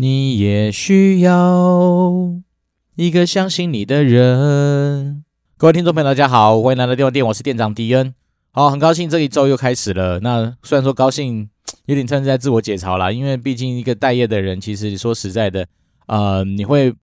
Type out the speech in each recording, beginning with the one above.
你也需要一個相信你的人。各位聽眾朋友，大家好，歡迎來到電丸殿，我是店長迪恩。好，很高興這一周又開始了。那雖然說高興，有點像是在自我解嘲啦，因為畢竟一個待業的人，其實說實在的，呃，你會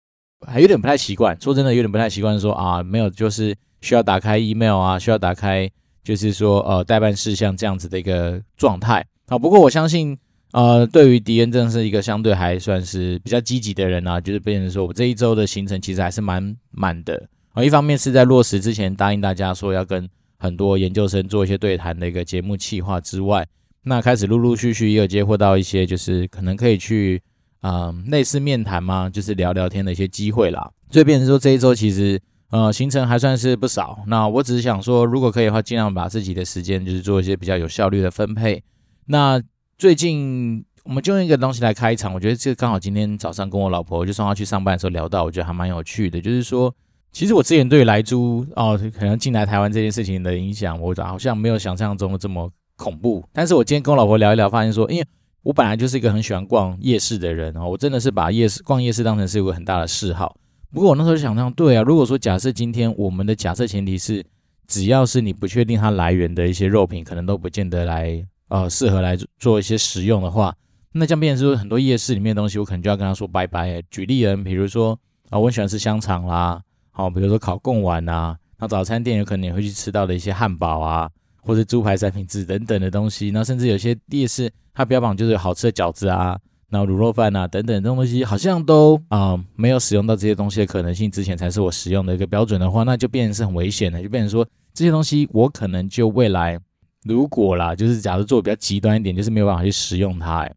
還有點不太習慣。說真的，有點不太習慣說啊，沒有就是需要打開 email 啊，需要打開就是說呃待辦事項這樣子的一個狀態啊。不過我相信。呃，對於敵人，正是一個相對還算是比較積極的人啊。就是變成說，我這一周的行程其實還是蠻滿的啊、呃。一方面是在落實之前答應大家說要跟很多研究生做一些對談的一個節目企劃之外，那開始陸陸續續也有接獲到一些就是可能可以去啊、呃、類似面談嘛，就是聊聊天的一些機會啦。所以變成說這一周其實呃行程還算是不少。那我只是想說，如果可以的話，盡量把自己的時間就是做一些比較有效率的分配。那。最近我們就用一個東西來開場，我覺得這個剛好今天早上跟我老婆，就送她去上班的時候聊到，我覺得還蠻有趣的。就是說，其實我之前對萊豬哦，可能進來台灣這件事情的影響，我好像沒有想象中的這麼恐怖。但是我今天跟我老婆聊一聊，發現說，因為我本來就是一個很喜歡逛夜市的人哦，我真的是把夜市逛夜市當成是一個很大的嗜好。不過我那時候就想這樣，對啊，如果說假設今天我們的假設前提是，只要是你不確定它來源的一些肉品，可能都不見得來。呃，適合來做一些食用的話，那這樣變成說很多夜市裡面的東西，我可能就要跟他說拜拜、欸。舉例人，比如說啊、呃，我很喜歡吃香腸啦，好、呃，比如說烤貢丸吶、啊，那早餐店有可能你會去吃到的一些漢堡啊，或者豬排三明治等等的東西，那甚至有些夜市，它標榜就是有好吃的餃子啊，那滷肉飯啊等等這種東西，好像都啊、呃、沒有使用到這些東西的可能性之前才是我使用的一個標準的話，那就變成是很危險的，就變成說這些東西我可能就未來如果啦，就是假如做比較極端一點，就是沒有辦法去食用它，、欸，哎，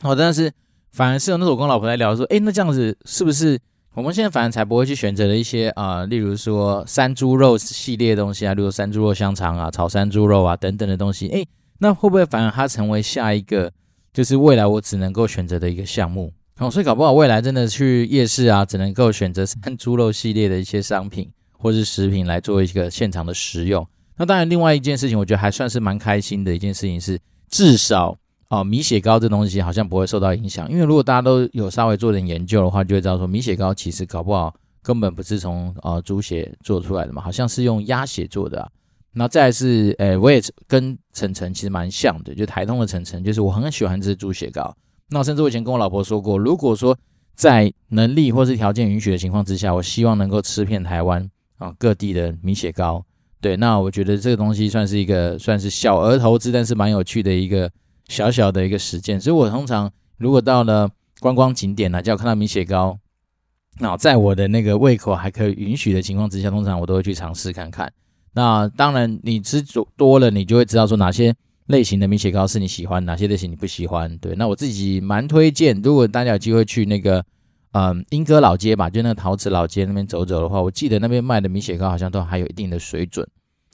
好，但是反而是有那時候我跟老婆在聊，說，誒、欸，那這樣子是不是我們現在反而才不會去選擇的一些啊、呃，例如說山豬肉系列的東西啊，例如山豬肉香腸啊、炒山豬肉啊等等的東西，誒、欸，那會不會反而它成為下一個，就是未來我只能夠選擇的一個項目，好，所以搞不好未來真的去夜市啊，只能夠選擇山豬肉系列的一些商品或是食品來做一個現場的食用。那當然，另外一件事情，我覺得還算是蠻開心的一件事情是，至少哦，米血糕這東西好像不會受到影響，因為如果大家都有稍微做點研究的話，就會知道說米血糕其實搞不好根本不是從呃豬血做出來的嘛，好像是用鴨血做的啊。那再來是，哎，我也跟晨晨其實蠻像的，就台東的晨晨，就是我很喜歡吃豬血糕。那甚至我以前跟我老婆說過，如果說在能力或是條件允許的情況之下，我希望能夠吃遍台灣啊各地的米血糕。對，那我覺得這個東西算是一個算是小額投資，但是蠻有趣的一個小小的一個實踐。所以我通常如果到了觀光景點呢、啊，只要看到米血糕，那在我的那個胃口還可以允許的情況之下，通常我都會去嘗試看看。那當然，你吃多了，你就會知道說哪些類型的米血糕是你喜歡，哪些類型你不喜歡。對，那我自己蠻推薦，如果大家有機會去那個。嗯，鶯歌老街吧，就那個陶瓷老街那邊走走的話，我記得那邊賣的米血糕好像都還有一定的水準。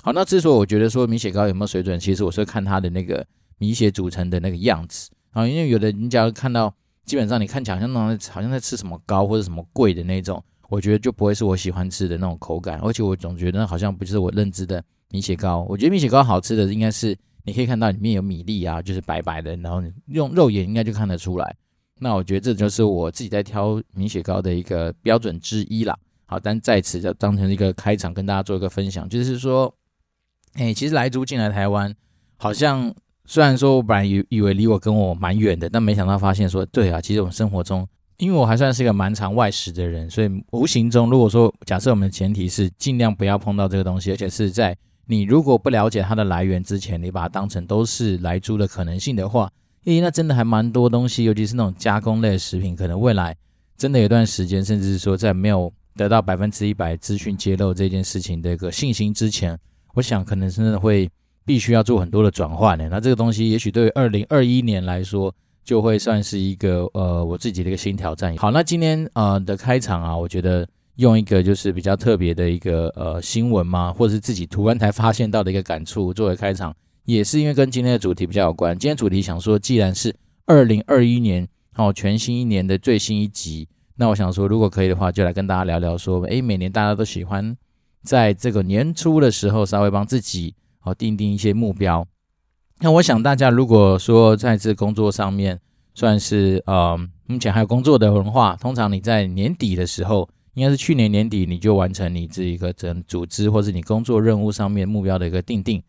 好，那之所以我覺得說米血糕有沒有水準，其實我是看它的那個米血組成的那個樣子啊，因為有的人家看到，基本上你看起來像那種,好像在吃什麼糕或者什麼貴的那種，我覺得就不會是我喜歡吃的那種口感，而且我總覺得好像不是我認知的米血糕。我覺得米血糕好吃的應該是你可以看到裡面有米粒啊，就是白白的，然後你用肉眼應該就看得出來。那我覺得這就是我自己在挑米血糕的一個標準之一啦。好，但在此就當成一個開場，跟大家做一個分享，就是說，哎、欸，其實萊豬進來台灣，好像雖然說我本來以以為離我跟我蠻遠的，但沒想到發現說，對啊，其實我們生活中，因為我還算是一個蠻常外食的人，所以無形中，如果說假設我們的前提是儘量不要碰到這個東西，而且是在你如果不了解它的來源之前，你把它當成都是萊豬的可能性的話。咦，那真的還蠻多東西，尤其是那種加工類食品，可能未來真的有段時間，甚至是說在沒有得到百分之一百資訊揭露這件事情的一個信心之前，我想可能真的會必須要做很多的轉換。那這個東西也許對於二零二一年來說，就會算是一個呃我自己的一個新挑戰。好，那今天的呃的開場啊，我覺得用一個就是比較特別的一個呃新聞嘛，或者是自己突然才發現到的一個感觸作為開場。也是因為跟今天的主題比較有關，今天主題想說，既然是二零二一年哦全新一年的最新一集，那我想說，如果可以的話，就來跟大家聊聊說，誒，每年大家都喜歡在這個年初的時候稍微幫自己哦定定一些目標。那我想大家如果說在這工作上面算是呃、嗯、目前還有工作的人的話，通常你在年底的時候，應該是去年年底你就完成你這一個整個組織或是你工作任務上面目標的一個定定。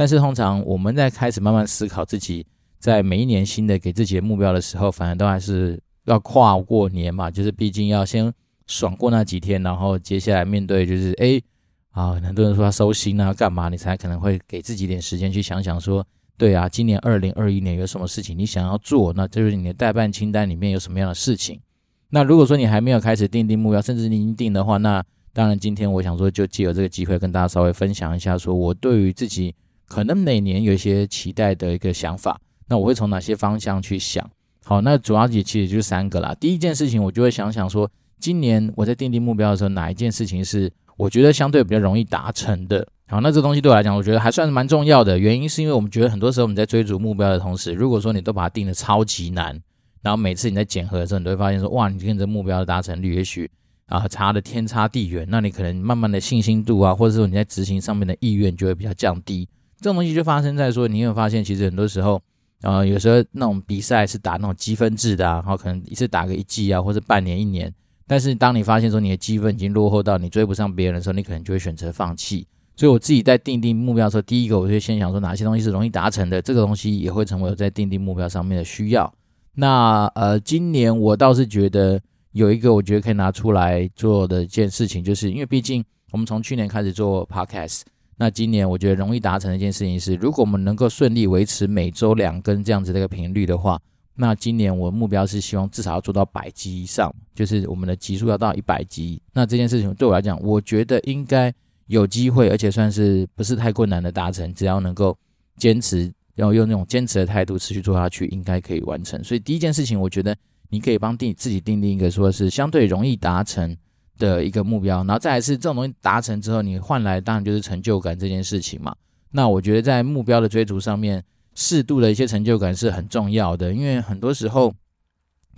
但是通常我們在開始慢慢思考自己在每一年新的給自己的目標的時候，反而都還是要跨過年嘛，就是畢竟要先爽過那幾天，然後接下來面對就是誒啊，很多人說要收心啊，幹嘛你才可能會給自己點時間去想想說，對啊，今年二零二一年有什麼事情你想要做？那就是你的待辦清單裡面有什麼樣的事情？那如果說你還沒有開始訂定目標，甚至你沒訂的話，那當然今天我想說，就借由這個機會跟大家稍微分享一下，說我對於自己。可能每年有一些期待的一個想法，那我會從哪些方向去想？好，那主要也其實就是三個啦。第一件事情，我就會想想說，今年我在訂定目標的時候，哪一件事情是我覺得相對比較容易達成的？好，那這東西對我來講，我覺得還算是蠻重要的。原因是因為我們覺得很多時候你在追逐目標的同時，如果說你都把它定得超級難，然後每次你在檢核的時候，你都會發現說，哇，你跟這目標的達成率也許啊差的天差地遠，那你可能慢慢的信心度啊，或者說你在執行上面的意願就會比較降低。這種東西就發生在說，你有沒有發現，其實很多時候，呃，有時候那種比賽是打那種積分制的啊，然後可能一次打個一季啊，或者半年、一年。但是當你發現說你的積分已經落後到你追不上別人的時候，你可能就會選擇放棄。所以我自己在訂定目標的時候，第一個我就先想說哪些東西是容易達成的，這個東西也會成為我在訂定目標上面的需要。那呃，今年我倒是覺得有一個我覺得可以拿出來做的一件事情，就是因為畢竟我們從去年開始做 podcast。那今年我覺得容易達成的一件事情是，如果我們能夠順利維持每周兩更這樣子的一個頻率的話，那今年我目標是希望至少要做到百集以上，就是我們的集數要到一百集。那這件事情對我來講，我覺得應該有機會，而且算是不是太困難的達成，只要能夠堅持，要用那種堅持的態度持續做下去，應該可以完成。所以第一件事情，我覺得你可以幫定自己定定一個，說是相對容易達成的一個目標，然後再來是這種東西達成之後，你換來當然就是成就感這件事情嘛。那我覺得在目標的追逐上面，適度的一些成就感是很重要的，因為很多時候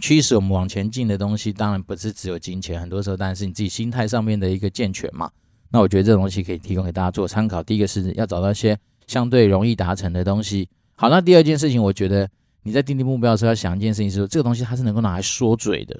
驅使我們往前進的東西，當然不是只有金錢，很多時候當然是你自己心態上面的一個健全嘛。那我覺得這種東西可以提供給大家做參考。第一個是要找到一些相對容易達成的東西。好，那第二件事情，我覺得你在訂定目標的時候，要想一件事情是說，這個東西它是能夠拿來說嘴的。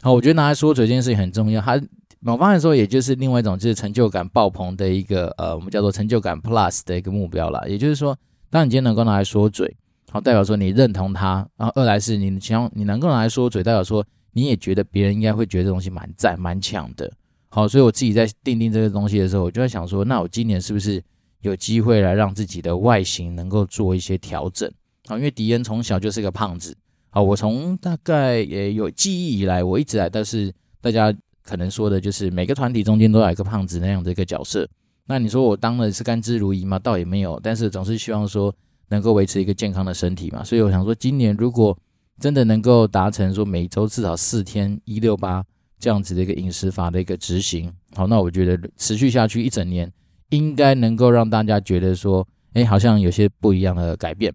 好，我覺得拿來說嘴這件事情很重要。它某方面來說，也就是另外一種就是成就感爆棚的一個呃，我們叫做成就感 plus 的一個目標啦，也就是說，當你今天能夠拿來說嘴，好，代表說你認同他；然後二來是你想你能夠拿來說嘴，代表說你也覺得別人應該會覺得這東西蠻讚、蠻強的。好，所以我自己在定定這個東西的時候，我就在想說，那我今年是不是有機會來讓自己的外形能夠做一些調整？好，因為迪恩從小就是一個胖子。好，我從大概也有記憶以來，我一直來，但是大家可能說的就是每個團體中間都有一個胖子那樣的一個角色。那你說我當的是甘之如飴嗎？倒也沒有，但是總是希望說能夠維持一個健康的身體嘛。所以我想說，今年如果真的能夠達成說每周至少四天一六八這樣子的一個飲食法的一個執行，好，那我覺得持續下去一整年，應該能夠讓大家覺得說，哎，好像有些不一樣的改變。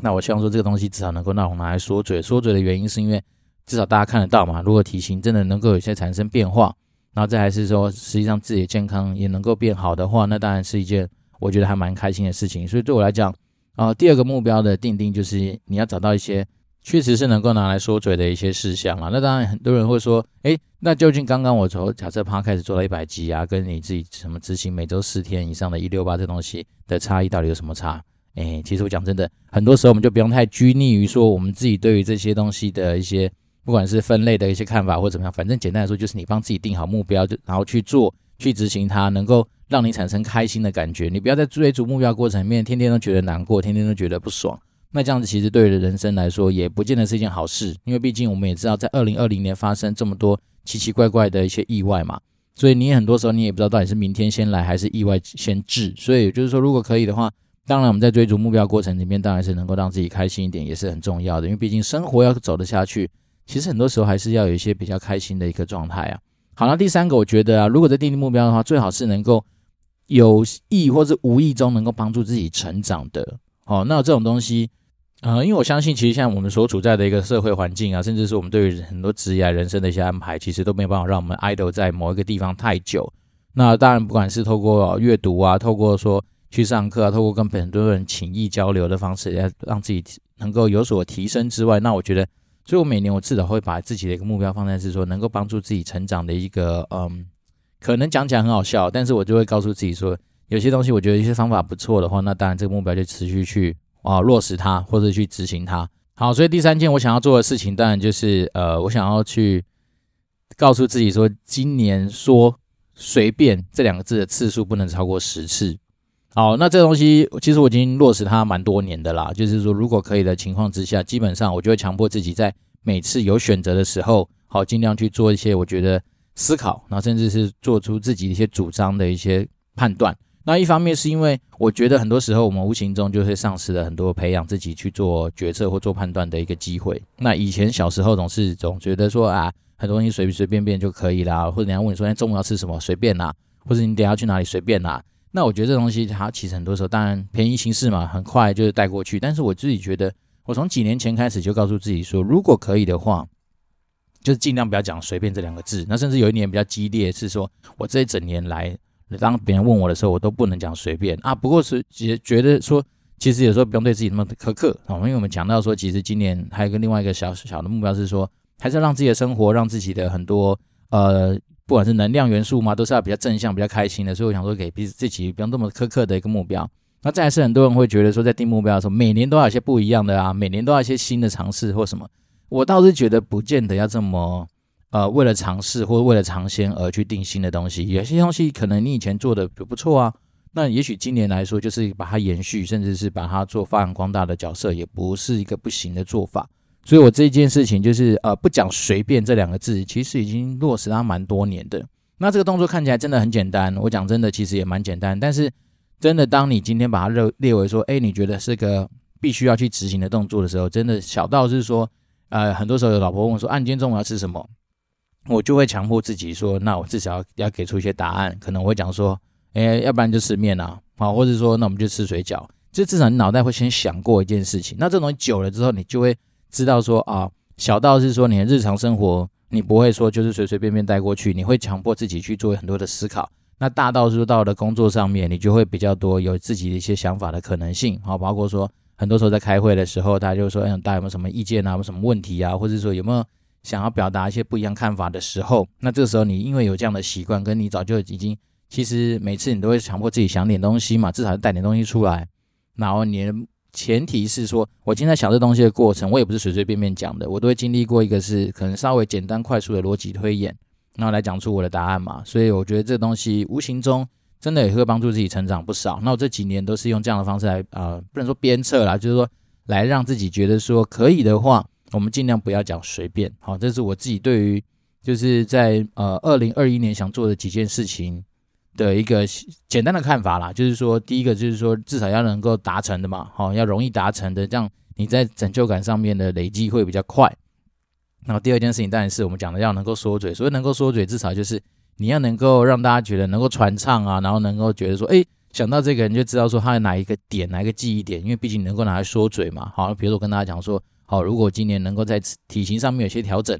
那我希望說這個東西至少能夠讓我拿來縮嘴，縮嘴的原因是因為至少大家看得到嘛。如果體型真的能夠有些產生變化，然後這還是說實際上自己的健康也能夠變好的話，那當然是一件我覺得還蠻開心的事情。所以對我來講，啊、呃，第二個目標的訂定就是你要找到一些確實是能夠拿來縮嘴的一些事項嘛。那當然很多人會說，誒，那究竟剛剛我從假設趴開始做到一百級啊，跟你自己什麼執行每週四天以上的“一六八”這東西的差異到底有什麼差？誒、欸，其實我講真的，很多時候我們就不用太拘泥於說我們自己對於這些東西的一些，不管是分類的一些看法或怎麼樣，反正簡單來說就是你幫自己定好目標，就然後去做，去執行它，能夠讓你產生開心的感覺。你不要在追逐目標過程裡面，天天都覺得難過，天天都覺得不爽。那這樣子其實對於人生來說也不見得是一件好事，因為畢竟我們也知道，在二零二零年發生這麼多奇奇怪怪的一些意外嘛。所以你很多時候你也不知道到底是明天先來還是意外先至。所以就是說，如果可以的話。當然，我們在追逐目標過程裡面，當然是能夠讓自己開心一點，也是很重要的。因為畢竟生活要走得下去，其實很多時候還是要有一些比較開心的一個狀態啊。好，那第三個，我覺得啊，如果在訂立目標的話，最好是能夠有意或是無意中能夠幫助自己成長的。哦，那這種東西，呃，因為我相信，其實像我們所處在的一個社會環境啊，甚至是我們對於很多職業啊、人生的一些安排，其實都沒有辦法讓我們 idle 在某一個地方太久。那當然，不管是透過閱讀啊，透過說。去上課啊，透過跟很多人情誼交流的方式，來讓自己能夠有所提升之外，那我覺得，所以我每年我至少會把自己的一個目標放在是說，能夠幫助自己成長的一個，嗯，可能講起來很好笑，但是我就會告訴自己說，有些東西我覺得一些方法不錯的話，那當然這個目標就持續去啊落實它，或者去執行它。好，所以第三件我想要做的事情，當然就是呃，我想要去告訴自己說，今年說隨便這兩個字的次數不能超過十次。好，那這東西其實我已經落實它蠻多年的啦。就是說，如果可以的情況之下，基本上我就會強迫自己在每次有選擇的時候，好，盡量去做一些我覺得思考，那甚至是做出自己一些主張的一些判斷。那一方面是因為我覺得很多時候我們無形中就會喪失了很多培養自己去做決策或做判斷的一個機會。那以前小時候總是總覺得說啊，很多東西隨隨便便就可以啦，或者人家問你說今天、哎、中午要吃什麼，隨便啦，或者你等下去哪裡隨便啦。那我覺得這東西它其實很多時候，當然便宜行事嘛，很快就是帶過去。但是我自己覺得，我從幾年前開始就告訴自己說，如果可以的話，就是盡量不要講“隨便”這兩個字。那甚至有一年比較激烈，是說我這一整年來，當別人問我的時候，我都不能講“隨便”啊。不過是也覺得說，其實有時候不用對自己那麼苛刻哦。因為我們講到說，其實今年還有一個另外一個小小的目標是說，還是要讓自己的生活，讓自己的很多呃。不管是能量元素嘛，都是要比較正向、比較開心的，所以我想說，給彼此自己不用那麼苛刻的一個目標。那再次，很多人會覺得說，在定目標的時候，每年都要有些不一樣的啊，每年都要一些新的嘗試或什麼。我倒是覺得，不見得要這麼呃，為了嘗試或為了嘗鮮而去定新的東西。有些東西可能你以前做的不錯啊，那也許今年來說，就是把它延續，甚至是把它做發揚光大的角色，也不是一個不行的做法。所以，我這件事情就是呃，不講隨便這兩個字，其實已經落實了蠻多年的。那這個動作看起來真的很簡單，我講真的，其實也蠻簡單。但是，真的當你今天把它列列為說，哎，你覺得是個必須要去執行的動作的時候，真的小到的是說，呃，很多時候有老婆問我說，啊，你今天中午要吃什麼？我就會強迫自己說，那我至少要要給出一些答案。可能我會講說，哎，要不然就吃麵啊，好，或者說那我們就吃水餃，這至少你腦袋會先想過一件事情。那這種久了之後，你就會。知道說啊，小到是說你的日常生活，你不會說就是隨隨便便帶過去，你會強迫自己去做很多的思考。那大到入到的工作上面，你就會比較多有自己的一些想法的可能性，好、啊，包括說很多時候在開會的時候，大家就說，哎、欸，大家有沒有什麼意見啊？有什麼問題啊？或者說有沒有想要表達一些不一樣看法的時候，那這個時候你因為有這樣的習慣，跟你早就已經，其實每次你都會強迫自己想點東西嘛，至少帶點東西出來，然後你。前提是說，我今天想這東西的過程，我也不是隨隨便便講的，我都會經歷過一個是可能稍微簡單快速的邏輯推演，然後來講出我的答案嘛。所以我覺得這東西無形中真的也會幫助自己成長不少。那我這幾年都是用這樣的方式來啊、呃，不能說鞭策啦，就是說來讓自己覺得說可以的話，我們儘量不要講隨便。好，這是我自己對於就是在呃二零二一年想做的幾件事情。的一個簡單的看法啦，就是說，第一個就是說，至少要能夠達成的嘛，好，要容易達成的，這樣你在成就感上面的累積會比較快。然後第二件事情當然是我們講的要能夠說嘴，所以能夠說嘴，至少就是你要能夠讓大家覺得能夠傳唱啊，然後能夠覺得說，哎、欸，想到這個人就知道說他的哪一個點，哪一個記憶點，因為畢竟能夠拿來說嘴嘛，好，比如說我跟大家講說，好，如果今年能夠在體型上面有些調整。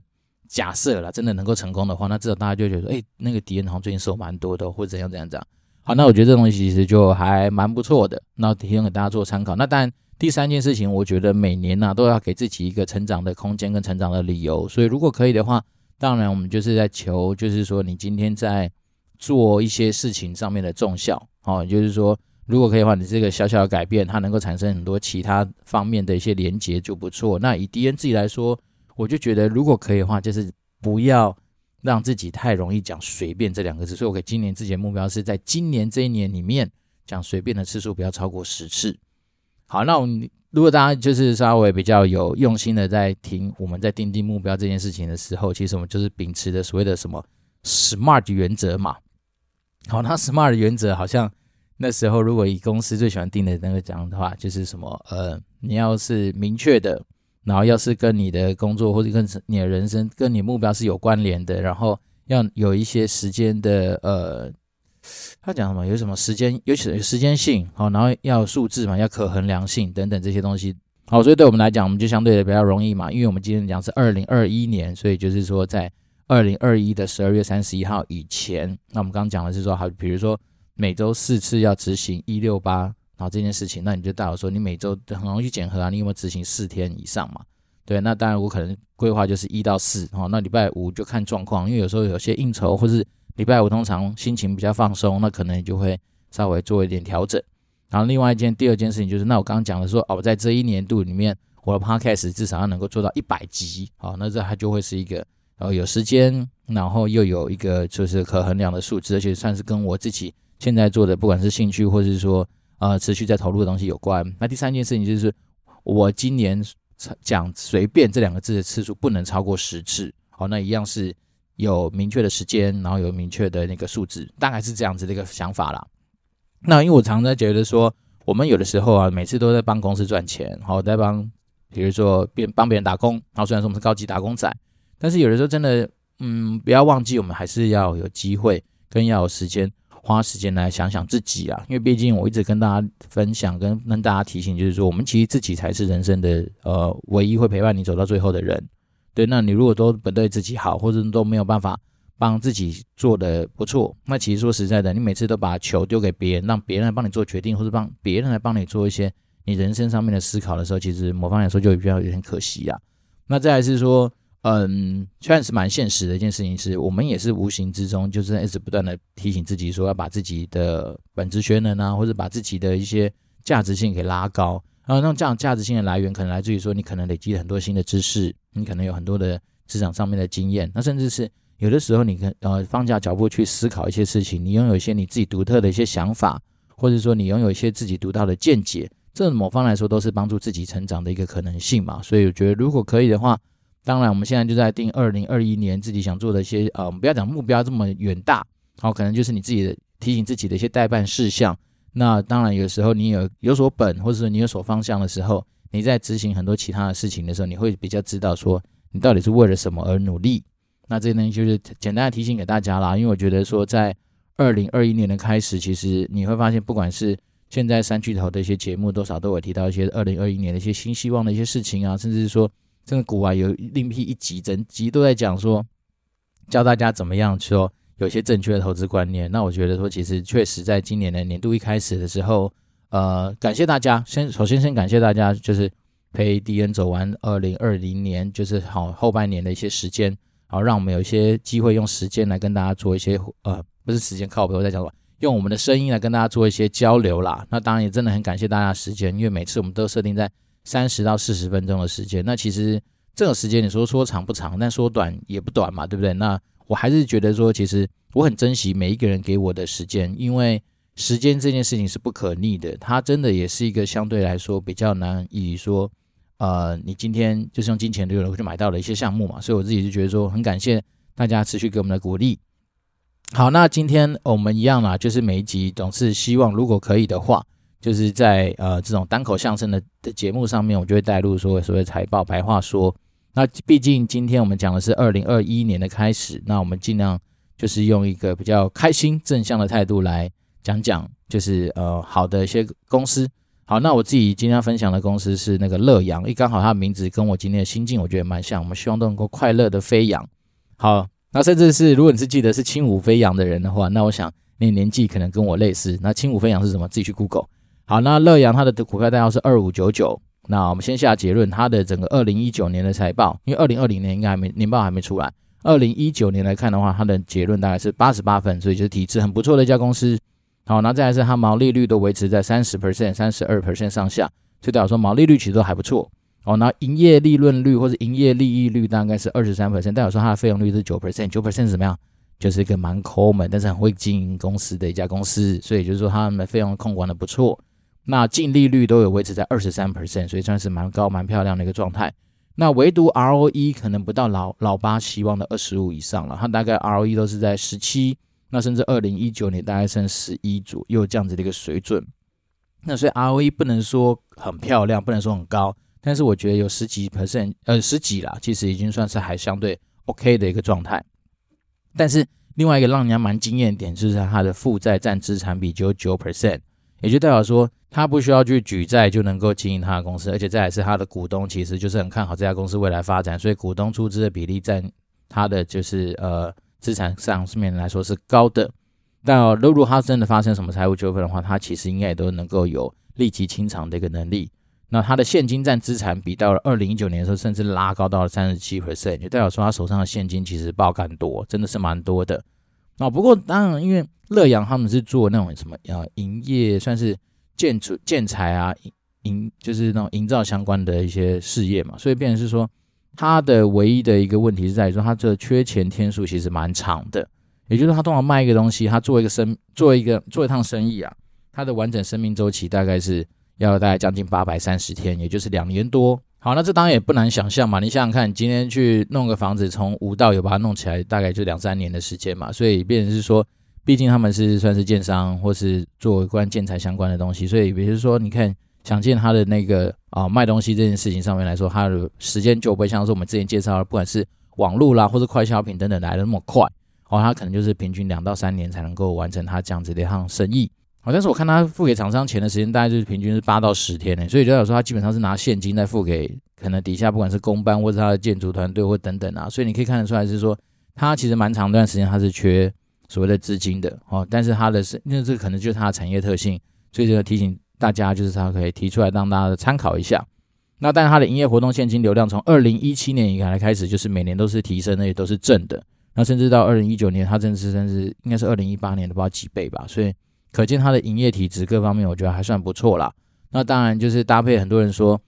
假設啦，真的能夠成功的話，那至少大家就覺得，哎、欸，那個電丸好像最近瘦蠻多的，或者怎樣怎樣怎樣。好，那我覺得這東西其實就還蠻不錯的，那我提供給大家做參考。那當然，第三件事情，我覺得每年呢、啊、都要給自己一個成長的空間跟成長的理由。所以，如果可以的話，當然我們就是在求，就是說你今天在做一些事情上面的重效，好、哦，就是說如果可以的話，你這個小小的改變，它能夠產生很多其他方面的一些連接就不錯。那以電丸自己來說。我就覺得，如果可以的話，就是不要讓自己太容易講“隨便”這兩個字，所以我給今年自己的目標是在今年這一年裡面講“隨便”的次數不要超過十次。好，那我們如果大家就是稍微比較有用心的在聽，我們在訂定目標這件事情的時候，其實我們就是秉持的所謂的什麼 SMART 原則嘛。好，那 SMART 原則好像那時候如果以公司最喜歡定的那個講的話，就是什麼呃，你要是明確的。然後，要是跟你的工作或者跟你的人生，跟你目標是有關聯的，然後要有一些時間的，呃，他講什麼？有什麼時間，尤其是有時間性，好，然後要數字嘛，要可衡量性等等這些東西。好，所以對我們來講，我們就相對的比較容易嘛，因為我們今天講是二零二一年，所以就是說在二零二一的十二月三十一號以前，那我們剛剛講的是說，好，比如說每週四次要執行一六八。然後這件事情，那你就代表說，你每周都很容易檢核啊？你有沒有執行四天以上嘛？對，那當然我可能規劃就是一到四，哈，那禮拜五就看狀況，因為有時候有些應酬，或是禮拜五通常心情比較放鬆，那可能你就會稍微做一點調整。然後另外一件，第二件事情就是，那我剛剛講的說，哦，在這一年度裡面，我的 Podcast 至少要能夠做到一百集，好，那這它就會是一個，呃有時間，然後又有一個就是可衡量的數值，而且算是跟我自己現在做的，不管是興趣或是說。呃，持續在投入的東西有關。那第三件事情就是，我今年講“隨便”這兩個字的次數不能超過十次。好，那一樣是有明確的時間，然後有明確的那個數字，大概是這樣子的一個想法啦。那因為我常常覺得說，我們有的時候啊，每次都在幫公司賺錢，好，在幫比如說幫幫別人打工。然後雖然說我們是高級打工仔，但是有的時候真的，嗯，不要忘記，我們還是要有機會，跟要有時間。花時間來想想自己啊，因為畢竟我一直跟大家分享，跟跟大家提醒，就是說我們其實自己才是人生的呃，唯一會陪伴你走到最後的人。對，那你如果都不對自己好，或者都沒有辦法幫自己做的不錯，那其實說實在的，你每次都把球丟給別人，讓別人來幫你做決定，或是幫別人來幫你做一些你人生上面的思考的時候，其實某方來說就比較有點可惜啊。那再來是說。嗯，雖然是蠻現實的一件事情，是我們也是無形之中就是一直不斷的提醒自己，說要把自己的本職學能啊，或者把自己的一些價值性給拉高啊。那這樣價值性的來源，可能來自於說你可能累積很多新的知識，你可能有很多的職場上面的經驗，那甚至是有的時候你可呃放下腳步去思考一些事情，你擁有一些你自己獨特的一些想法，或者說你擁有一些自己獨到的見解，這某方來說都是幫助自己成長的一個可能性嘛。所以我覺得，如果可以的話。當然，我們現在就在定二零二一年自己想做的一些呃，我們不要講目標這麼遠大，好、哦，可能就是你自己的提醒自己的一些待辦事項。那當然，有時候你有有所本，或者說你有所方向的時候，你在執行很多其他的事情的時候，你會比較知道說你到底是為了什麼而努力。那這些東西就是簡單的提醒給大家啦。因為我覺得說，在二零二一年的開始，其實你會發現，不管是現在三巨頭的一些節目，多少都有提到一些二零二一年的一些新希望的一些事情啊，甚至是說。這個股啊，有另闢一集，整集都在講說，教大家怎麼樣說，有些正確的投資觀念。那我覺得說，其實確實在今年的年度一開始的時候，呃，感謝大家先，首先先感謝大家，就是陪 D N 走完二零二零年，就是好後半年的一些時間，好讓我們有一些機會用時間來跟大家做一些，呃，不是時間靠，不會在講什麼，用我們的聲音來跟大家做一些交流啦。那當然也真的很感謝大家的時間，因為每次我們都設定在。三十到四十分鐘的時間，那其實這個時間你說說長不長，但說短也不短嘛，對不對？那我還是覺得說，其實我很珍惜每一個人給我的時間，因為時間這件事情是不可逆的，它真的也是一個相對來說比較難以說，呃，你今天就是用金錢就能夠去買到的一些項目嘛，所以我自己就覺得說很感謝大家持續給我們的鼓勵。好，那今天我們一樣啦，就是每一集總是希望如果可以的話。就是在呃這種單口相聲的的節目上面，我就會帶入說所,所謂財報白話說。那畢竟今天我們講的是二零二一年的開始，那我們盡量就是用一個比較開心正向的態度來講講，就是呃好的一些公司。好，那我自己今天要分享的公司是那個樂揚，因為剛好他的名字跟我今天的心境我覺得蠻像。我們希望都能夠快樂的飛揚。好，那甚至是如果你是記得是輕舞飛揚的人的話，那我想你年紀可能跟我類似。那輕舞飛揚是什麼？自己去 Google。好，那樂揚它的股票代號是二五九九。那我們先下結論，它的整個二零一九年的財報，因為二零二零年應該還沒年報還沒出來，二零一九年來看的話，它的結論大概是八十八分，所以就是體質很不錯的一家公司。好，那再來是它毛利率都維持在三十 percent、三十二 percent 上下，所以代表說毛利率其實都還不錯。哦，那營業利潤率或者營業利益率大概是二十三 percent，代表說它的費用率是九 percent，九 percent 是怎麼樣？就是一個蠻摳門，但是很會經營公司的一家公司，所以就是說他們費用控管的不錯。那淨利率都有維持在二十三 percent，所以算是蠻高、蠻漂亮的一個狀態。那唯獨 ROE 可能不到老老八希望的二十五以上了，它大概 ROE 都是在十七，那甚至二零一九年大概剩十一左右這樣子的一個水準。那所以 ROE 不能說很漂亮，不能說很高，但是我覺得有十幾 percent 呃，十幾啦，其實已經算是還相對 OK 的一個狀態。但是另外一個讓人家蠻驚豔的點，就是它的負債占資產比只有九 percent。也就代表說，他不需要去舉債就能夠經營他的公司，而且再來是他的股東，其實就是很看好這家公司未來發展，所以股東出資的比例占他的就是呃資產上面來說是高的。那如果他真的發生什麼財務糾紛的話，他其實應該也都能夠有立即清償的一個能力。那他的現金占資產比到了二零一九年的時候，甚至拉高到了三十七 percent，就代表說他手上的現金其實爆很多，真的是蠻多的。啊，不過當然，因為樂揚他們是做那種什麼呃營業算是建築建材啊，營就是那種營造相關的一些事業嘛，所以變成是說，他的唯一的一個問題是在於說，他的缺錢天數其實蠻長的，也就是他通常賣一個東西，他做一個生，做一個做一趟生意啊，他的完整生命週期大概是要大概將近八百三十天，也就是兩年多。好，那這當然也不難想象嘛。你想想看，今天去弄個房子，從無到有把它弄起來，大概就兩三年的時間嘛。所以，變成是說，畢竟他們是算是建商，或是做一關建材相關的東西。所以，比如說，你看，想見他的那個啊、呃，賣東西這件事情上面來說，他的時間就不會像是我們之前介紹的，不管是網路啦，或是快消品等等來的那麼快。哦，他可能就是平均兩到三年才能夠完成他這樣子的一項生意。好，但是我看他付給廠商錢的時間大概就是平均是八到十天呢，所以就講說他基本上是拿現金在付給可能底下不管是工班或是他的建築團隊或等等啊，所以你可以看得出來是說他其實蠻長一段時間他是缺所謂的資金的，哦，但是他的是，那這個可能就是他的產業特性，所以這個提醒大家，就是他可以提出來讓大家參考一下。那但是他的營業活動現金流量從二零一七年以來開始就是每年都是提升的，也都是正的，那甚至到二零一九年，他真的是，甚至應該是二零一八年都不知道幾倍吧，所以。可見它的營業體質各方面，我覺得還算不錯啦。那當然就是搭配很多人說，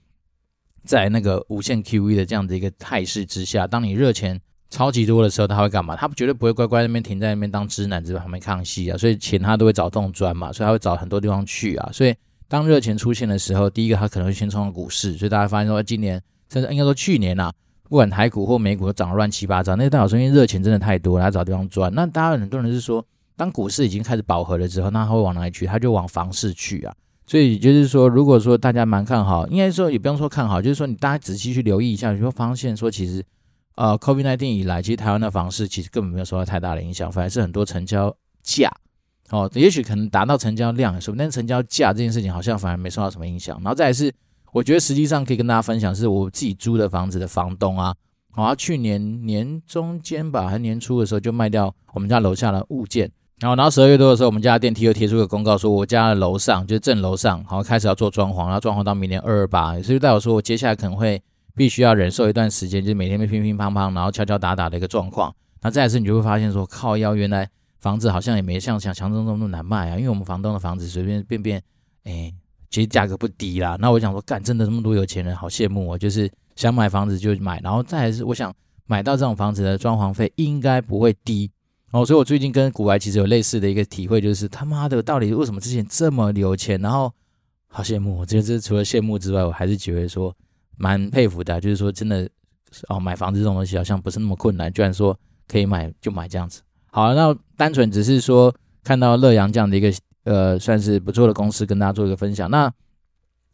在那個無限 QE 的這樣的一個態勢之下，當你熱錢超級多的時候，他會幹嘛？他絕對不會乖乖在那邊停在那邊當痴男在旁邊看戲啊。所以錢他都會找洞鑽嘛，所以他會找很多地方去啊。所以當熱錢出現的時候，第一個他可能會先衝到股市。所以大家發現說，今年甚至應該說去年吶、啊，不管台股或美股都漲得亂七八糟，那代表說因為熱錢真的太多，他找地方鑽。那大家很多人是說。當股市已經開始飽和了之後，那它會往哪裡去？它就往房市去啊。所以就是說，如果說大家蠻看好，應該說也不用說看好，就是說你大家仔細去留意一下，你會發現說，其實啊，呃，COVID-19 以來，其實台灣的房市其實根本沒有受到太大的影響，反而是很多成交價哦，也許可能達到成交量，首先成交價這件事情好像反而沒受到什麼影響。然後再來是，我覺得實際上可以跟大家分享，是我自己租的房子的房東啊，哦，好像去年年中間吧，還年初的時候就賣掉我們家樓下的物件。然後，然後十二月多的時候，我們家電梯又貼出個公告，說我家的樓上，就是正樓上，好開始要做裝潢，然後裝潢到明年二二八，所以就代表說我接下來可能會必須要忍受一段時間，就是每天被乒乒乓乓乓，然後敲敲打打的一個狀況。那再次你就會發現說，靠腰，原來房子好像也沒像想像中那麼難賣啊，因為我們房東的房子隨便便便，哎，其實價格不低啦。那我想說，幹，真的這麼多有錢人好羨慕哦，就是想買房子就買。然後再來是，我想買到這種房子的裝潢費應該不會低。哦，所以我最近跟股癌其實有類似的一個體會，就是他媽的到底為什麼之前這麼有錢，然後好羨慕。我覺得這除了羨慕之外，我還是覺得說蠻佩服的，就是說真的哦，買房子這種東西好像不是那麼困難，居然說可以買就買這樣子。好，那單純只是說看到樂揚這樣的一個呃，算是不錯的公司，跟大家做一個分享。那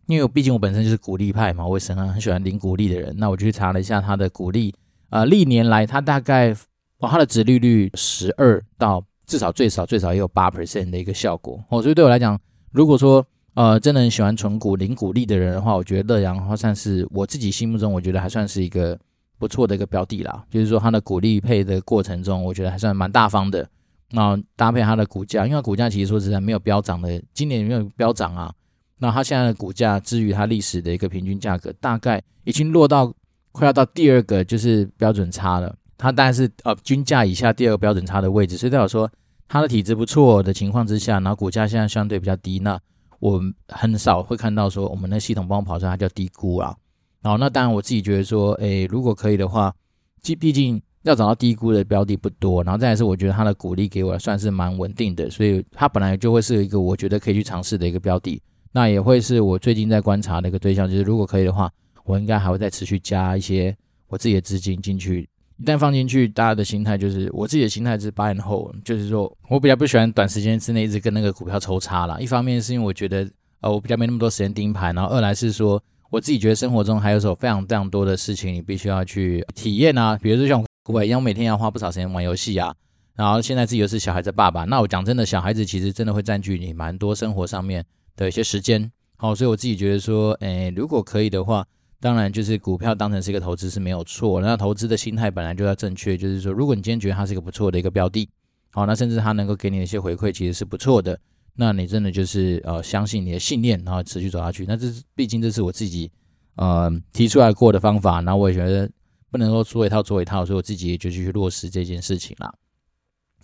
因為我畢竟我本身就是股利派嘛，我也是很喜歡領股利的人，那我就去查了一下他的股利，啊、呃，歷年來他大概。哦，它的殖利率十二到至少最少最少也有八 percent 的一個效果哦，所以對我來講，如果說呃，真的很喜歡存股、領股利的人的話，我覺得樂揚的話算是我自己心目中，我覺得還算是一個不錯的一個標的啦。就是說它的股利配的過程中，我覺得還算蠻大方的。那搭配它的股價，因為股價其實說實在沒有飆漲的，今年沒有飆漲啊。那它現在的股價，至於它歷史的一個平均價格，大概已經落到快要到第二個就是標準差了。它當然是呃均價以下第二個標準差的位置，所以代表說它的體質不錯的情況之下，然後股價現在相對比較低，那我很少會看到說我們的系統幫我跑出來它叫低估啊。然後那當然我自己覺得說，誒，如果可以的話，畢畢竟要找到低估的標的不多，然後再來是我覺得它的股利給我算是蠻穩定的，所以它本來就會是一個我覺得可以去嘗試的一個標的，那也會是我最近在觀察的一個對象，就是如果可以的話，我應該還會再持續加一些我自己的資金進去。一旦放進去，大家的心態就是我自己的心態是八年後，就是說我比較不喜歡短時間之內一直跟那個股票抽差啦，一方面是因為我覺得，呃，我比較沒那麼多時間盯盤，然後二來是說我自己覺得生活中還有一種非常非常多的事情你必須要去體驗啊，比如說像股癌一樣，每天要花不少時間玩遊戲啊。然後現在自己又是小孩子爸爸，那我講真的，小孩子其實真的會佔據你蠻多生活上面的一些時間。好，所以我自己覺得說，哎、欸，如果可以的話。當然，就是股票當成是一個投資是沒有錯的。那投資的心態本來就要正確，就是說，如果你今天覺得它是一個不錯的一個標的，好，那甚至它能夠給你的一些回饋，其實是不錯的。那你真的就是呃，相信你的信念，然後持續走下去。那這是畢竟這是我自己呃提出來過的方法，那我也覺得不能夠說一套做一套，所以我自己也就繼續落實這件事情了。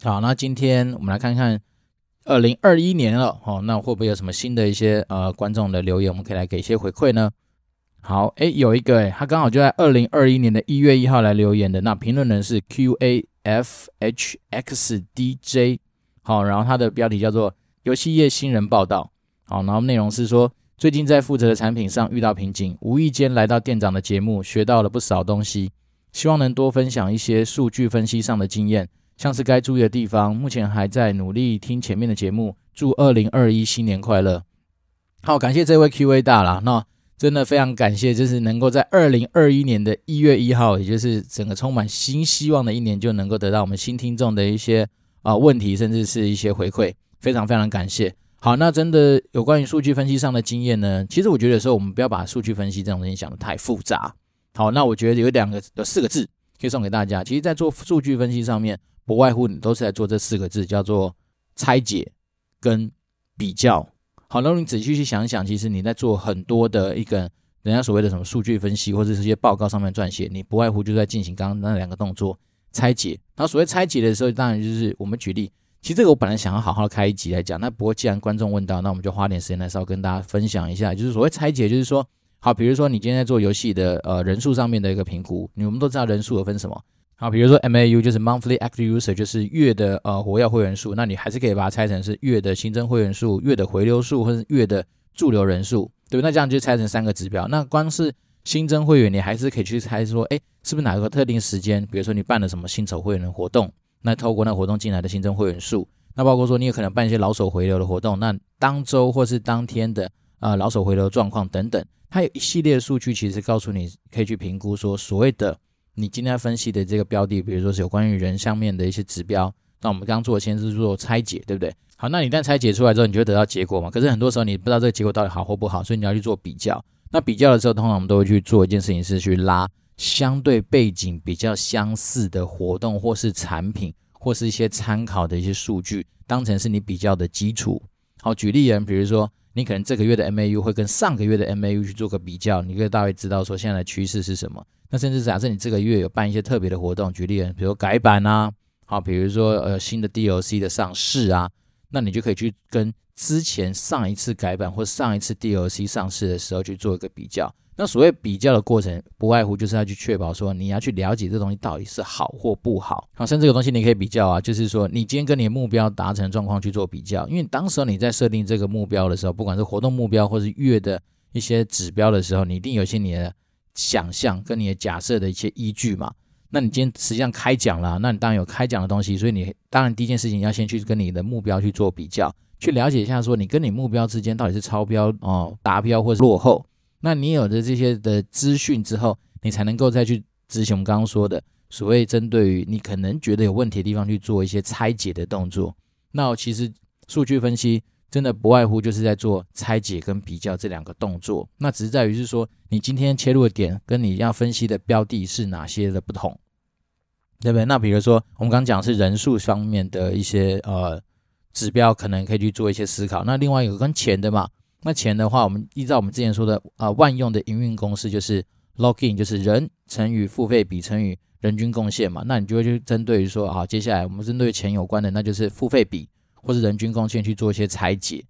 好，那今天我們來看看二零二一年了，好、哦，那會不會有什麼新的一些呃觀眾的留言，我們可以來給一些回饋呢？好，誒，有一個，誒，他剛好就在二零二一年的一月一號來留言的。那評論人是 Q A F H X D J，好，然後他的標題叫做“遊戲業新人報道”。好，然後內容是說，最近在負責的產品上遇到瓶頸，無意間來到店長的節目，學到了不少東西，希望能多分享一些數據分析上的經驗，像是該注意的地方。目前還在努力聽前面的節目。祝二零二一新年快樂。好，感謝這位 Q A 大佬。那。真的非常感謝，就是能夠在二零二一年的一月一號，也就是整個充滿新希望的一年，就能夠得到我們新聽眾的一些啊、呃、問題，甚至是一些回饋，非常非常感謝。好，那真的有關於數據分析上的經驗呢，其實我覺得有時候我們不要把數據分析這種東西想的太複雜。好，那我覺得有兩個，有四個字可以送給大家。其實，在做數據分析上面，不外乎你都是在做這四個字，叫做拆解跟比較。好，那你仔細去想一想，其實你在做很多的一個人家所謂的什麼數據分析，或者是些報告上面撰寫，你不外乎就在進行剛剛那兩個動作拆解。那所謂拆解的時候，當然就是我們舉例，其實這個我本來想要好好開一集來講，那不過既然觀眾問到，那我們就花點時間來稍微跟大家分享一下，就是所謂拆解，就是說，好，比如說你今天在做遊戲的呃人數上面的一個評估，你我們都知道人數有分什麼。好，比如說 MAU 就是 Monthly Active User，就是月的呃活躍會員數，那你還是可以把它拆成是月的新增會員數、月的回流數或者月的駐留人數，對，那這樣就拆成三個指標。那光是新增會員，你還是可以去猜說，哎、欸，是不是哪個特定時間？比如說你辦了什麼新手會員的活動，那透過那個活動進來的新增會員數，那包括說你有可能辦一些老手回流的活動，那當週或是當天的呃老手回流狀況等等，它有一系列數據，其實告訴你可以去評估說所謂的。你今天要分析的這個標的，比如說是有關於人上面的一些指標，那我們剛做的先是做拆解，對不對？好，那你一旦拆解出來之後，你就會得到結果嘛，可是很多時候你不知道這個結果到底好或不好，所以你要去做比較。那比較的時候，通常我們都會去做一件事情，是去拉相對背景比較相似的活動，或是產品，或是一些參考的一些數據，當成是你比較的基礎。好，舉例人，比如說你可能這個月的 MAU 會跟上個月的 MAU 去做個比較，你可以大概知道說現在的趨勢是什麼。那甚至假設你這個月有辦一些特別的活動，舉例，比如說改版啊，好，比如說呃新的 DLC 的上市啊，那你就可以去跟之前上一次改版或上一次 DLC 上市的時候去做一個比較。那所謂比較的過程，不外乎就是要去確保說你要去了解這東西到底是好或不好。好，甚至這個東西你可以比較啊，就是說你今天跟你的目標達成狀況去做比較，因為當時候你在設定這個目標的時候，不管是活動目標或是月的一些指標的時候，你一定有些你的。想象跟你的假設的一些依據嘛，那你今天實際上開講了，那你當然有開講的東西，所以你當然第一件事情要先去跟你的目標去做比較，去了解一下說你跟你目標之間到底是超標哦、達標或是落後，那你有的這些的資訊之後，你才能夠再去執行我們剛剛說的所謂針對於你可能覺得有問題的地方去做一些拆解的動作，那其實數據分析。真的不外乎就是在做拆解跟比較這兩個動作，那只是在於是說你今天切入的點跟你要分析的標的是哪些的不同，對不對？那比如說我們剛講是人數方面的一些呃指標，可能可以去做一些思考。那另外一個跟錢的嘛，那錢的話，我們依照我們之前說的啊、呃，萬用的營運公式就是 login 就是人乘以付費比乘以人均貢獻嘛，那你就會去針對於說好，接下來我們針對錢有關的，那就是付費比。或是人均貢獻去做一些拆解，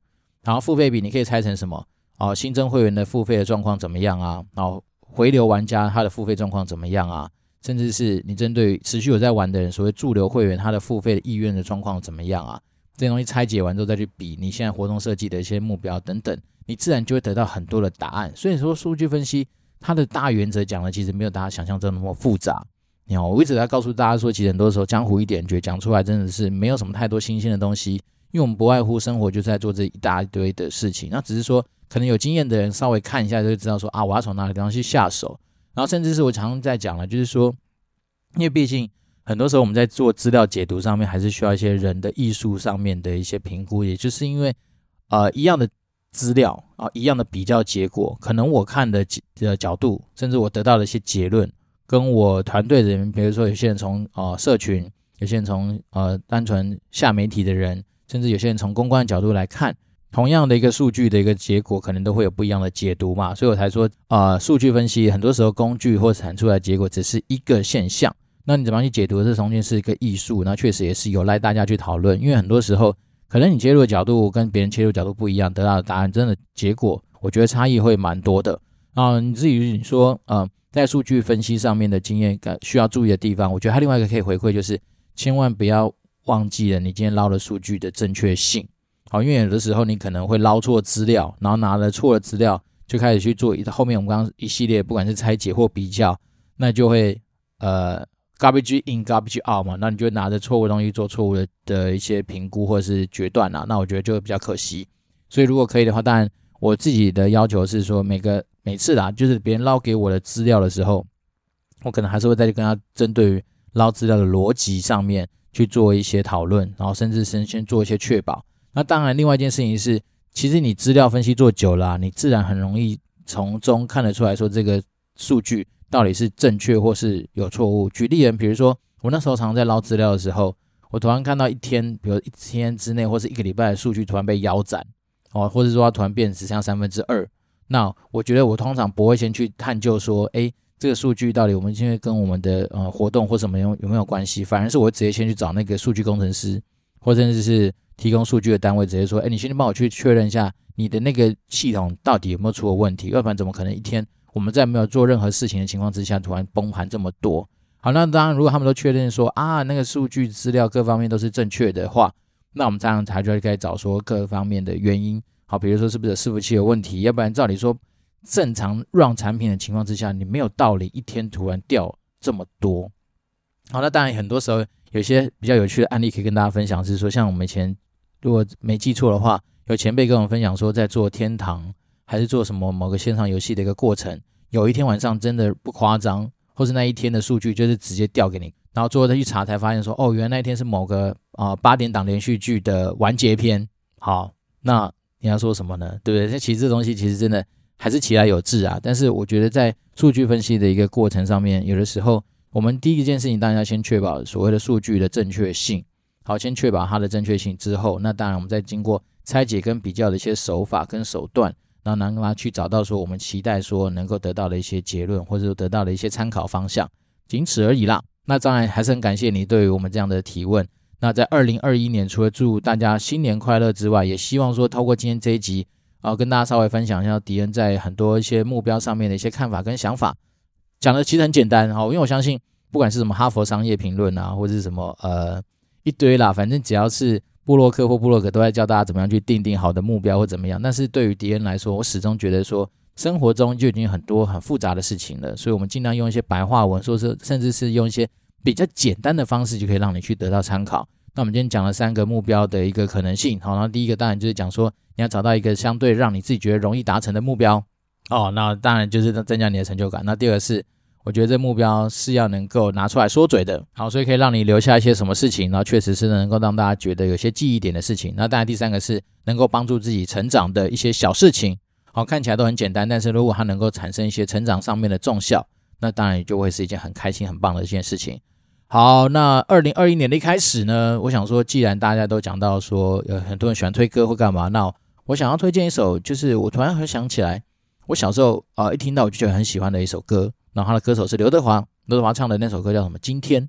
然後付費比你可以拆成什麼哦，新增會員的付費的狀況怎麼樣啊？然後回流玩家，他的付費狀況怎麼樣啊？甚至是你針對持續有在玩的人，所謂駐留會員，他的付費意願的狀況怎麼樣啊？這些東西拆解完之後再去比你現在活動設計的一些目標等等，你自然就會得到很多的答案。所以說數據分析它的大原則講的其實沒有大家想象中的那麼複雜。你好，我一直在告訴大家說，其實很多時候江湖一點訣，講出來，真的是沒有什麼太多新鮮的東西，因為我們不外乎生活就是在做這一大堆的事情。那只是說，可能有經驗的人稍微看一下就知道說啊，我要從哪個地方去下手。然後甚至是我常常在講了，就是說，因為畢竟很多時候我們在做資料解讀上面，還是需要一些人的藝術上面的一些評估。也就是因為呃一樣的資料啊，一樣的比較結果，可能我看的的角度，甚至我得到的一些結論。跟我團隊的人，比如說有些人從啊、呃、社群，有些人從呃單純下媒體的人，甚至有些人從公關的角度來看，同樣的一個數據的一個結果，可能都會有不一樣的解讀嘛。所以我才說啊、呃，數據分析很多時候工具或產出來結果只是一個現象，那你怎麼去解讀，這中間是一個藝術，那確實也是有賴大家去討論。因為很多時候，可能你切入的角度跟別人切入的角度不一樣，得到的答案真的結果，我覺得差異會蠻多的啊、呃。至於你說啊。呃在數據分析上面的經驗，需要注意的地方，我覺得它另外一個可以回饋就是，千萬不要忘記了你今天撈的數據的正確性。好，因為有的時候你可能會撈錯資料，然後拿了錯的資料就開始去做一後面我們剛剛一系列不管是拆解或比較，那就會呃 garbage in garbage out 嘛，那你就拿着錯誤的東西做錯誤的的一些評估或者是決斷啊，那我覺得就會比較可惜。所以如果可以的話，當然我自己的要求是說每個。每次啦，就是別人撈給我的資料的時候，我可能還是會再去跟他針對於撈資料的邏輯上面去做一些討論，然後甚至先先做一些確保。那當然，另外一件事情是，其實你資料分析做久了，你自然很容易從中看得出來說這個數據到底是正確或是有錯誤。舉例人，比如說我那時候常常在撈資料的時候，我突然看到一天，比如一天之內或是一個禮拜的數據突然被腰斬哦，或者說它突然變成只剩三分之二。那我覺得我通常不會先去探究說，哎、欸，這個數據到底我們現在跟我們的呃活動或什麼有有沒有關係？反而是我會直接先去找那個數據工程師，或者甚至是提供數據的單位，直接說，哎、欸，你先去幫我去確認一下你的那個系統到底有沒有出了問題？要不然怎麼可能一天我們在沒有做任何事情的情況之下，突然崩盤這麼多？好，那當然如果他們都確認說啊，那個數據資料各方面都是正確的話，那我們這樣才就來可以找說各方面的原因。好，比如說是不是有伺服器有問題？要不然照理說，正常 run 產品的情況之下，你沒有道理一天突然掉這麼多。好，那當然很多時候有些比較有趣的案例可以跟大家分享，就是說像我們以前如果沒記錯的話，有前輩跟我們分享說，在做天堂還是做什麼某個線上遊戲的一個過程，有一天晚上真的不誇張，或是那一天的數據就是直接掉給你，然後最後再去查才發現說，哦，原來那天是某個啊、呃、八點檔連續劇的完結篇。好，那。你要說什麼呢？對不對？那其實這東西其實真的還是其來有自啊。但是我覺得在數據分析的一個過程上面，有的時候我們第一件事情，當然要先確保所謂的數據的正確性。好，先確保它的正確性之後，那當然我們再經過拆解跟比較的一些手法跟手段，然後來去找到說我們期待說能夠得到的一些結論，或者說得到的一些參考方向，僅此而已啦。那當然還是很感謝你對於我們這樣的提問。那在二零二一年，除了祝大家新年快樂之外，也希望說透過今天這一集啊，跟大家稍微分享一下迪恩在很多一些目標上面的一些看法跟想法。講的其實很簡單哈、哦，因為我相信，不管是什麼哈佛商業評論啊，或者是什麼呃一堆啦，反正只要是部落客或部落格都在教大家怎麼樣去訂定好的目標或怎麼樣。但是對於迪恩來說，我始終覺得說生活中就已經很多很複雜的事情了，所以我們盡量用一些白話文，說是甚至是用一些。比較簡單的方式就可以讓你去得到參考。那我們今天講了三個目標的一個可能性，好，那第一個當然就是講說你要找到一個相對讓你自己覺得容易達成的目標哦，那當然就是增加你的成就感。那第二個是我覺得這目標是要能夠拿出來說嘴的，好，所以可以讓你留下一些什麼事情，然後確實是能夠讓大家覺得有些記憶點的事情。那當然第三個是能夠幫助自己成長的一些小事情，好，看起來都很簡單，但是如果它能夠產生一些成長上面的重效，那當然就會是一件很開心很棒的一件事情。好，那二零二一年的一開始呢，我想說，既然大家都講到說有很多人喜歡推歌或幹嘛，那我想要推薦一首，就是我突然很想起來，我小時候啊、呃、一聽到我就覺得很喜歡的一首歌，那他的歌手是劉德華，劉德華唱的那首歌叫什麼？今天。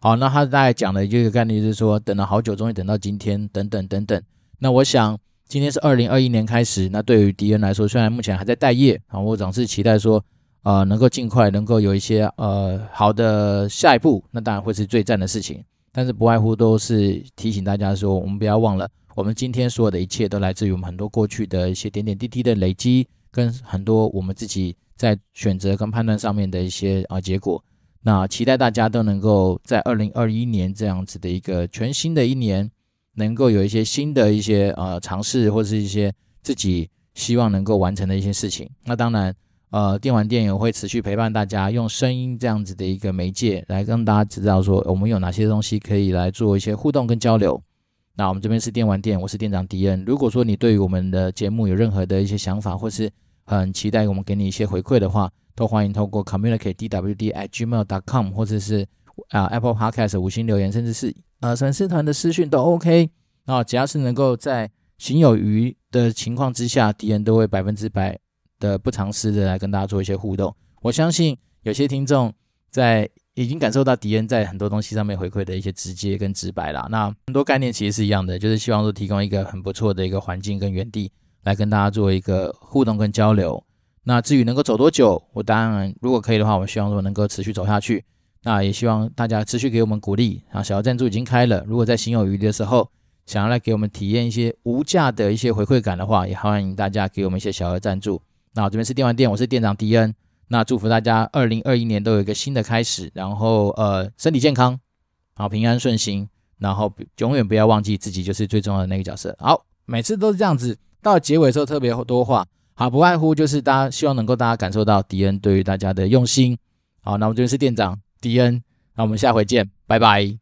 好，那他大概講的這個概念就是說，等了好久，終於等到今天，等等等等。那我想，今天是二零二一年開始，那對於迪恩來說，雖然目前還在待業，啊，我總是期待說。呃，能夠儘快能夠有一些呃好的下一步，那當然會是最讚的事情。但是不外乎都是提醒大家說，我們不要忘了，我們今天所有的一切都來自於我們很多過去的一些點點滴滴的累積，跟很多我們自己在選擇跟判斷上面的一些啊、呃、結果。那期待大家都能夠在二零二一年這樣子的一個全新的一年，能夠有一些新的一些呃嘗試，或者是一些自己希望能夠完成的一些事情。那當然。呃，電丸殿也會持續陪伴大家，用聲音這樣子的一個媒介來跟大家知道說，我們有哪些東西可以來做一些互動跟交流。那我們這邊是電丸殿，我是店長迪恩。如果說你對於我們的節目有任何的一些想法，或是很期待我們給你一些回饋的話，都歡迎透過 communicate dwd at gmail dot com，或者是啊、呃、Apple Podcast 五星留言，甚至是呃粉絲團的私訊都 OK。那、呃、只要是能夠在行有餘的情況之下，迪恩都會百分之百。呃，不償失的來跟大家做一些互動。我相信有些聽眾在已經感受到敵人在很多東西上面回饋的一些直接跟直白啦。那很多概念其實是一樣的，就是希望說提供一個很不錯的一個環境跟園地，來跟大家做一個互動跟交流。那至於能夠走多久，我當然如果可以的話，我希望說能夠持續走下去。那也希望大家持續給我們鼓勵。啊，小額贊助已經開了，如果在心有餘力的時候，想要來給我們體驗一些無價的一些回饋感的話，也歡迎大家給我們一些小額贊助。那這邊是電丸殿，我是店長迪恩。那祝福大家二零二一年都有一個新的開始，然後呃身體健康，好平安順心，然後永遠不要忘記自己就是最重要的那個角色。好，每次都是這樣子，到結尾的時候特別多話。好，不外乎就是大家希望能夠大家感受到迪恩對於大家的用心。好，那我們這邊是店長迪恩，那我們下回見，拜拜。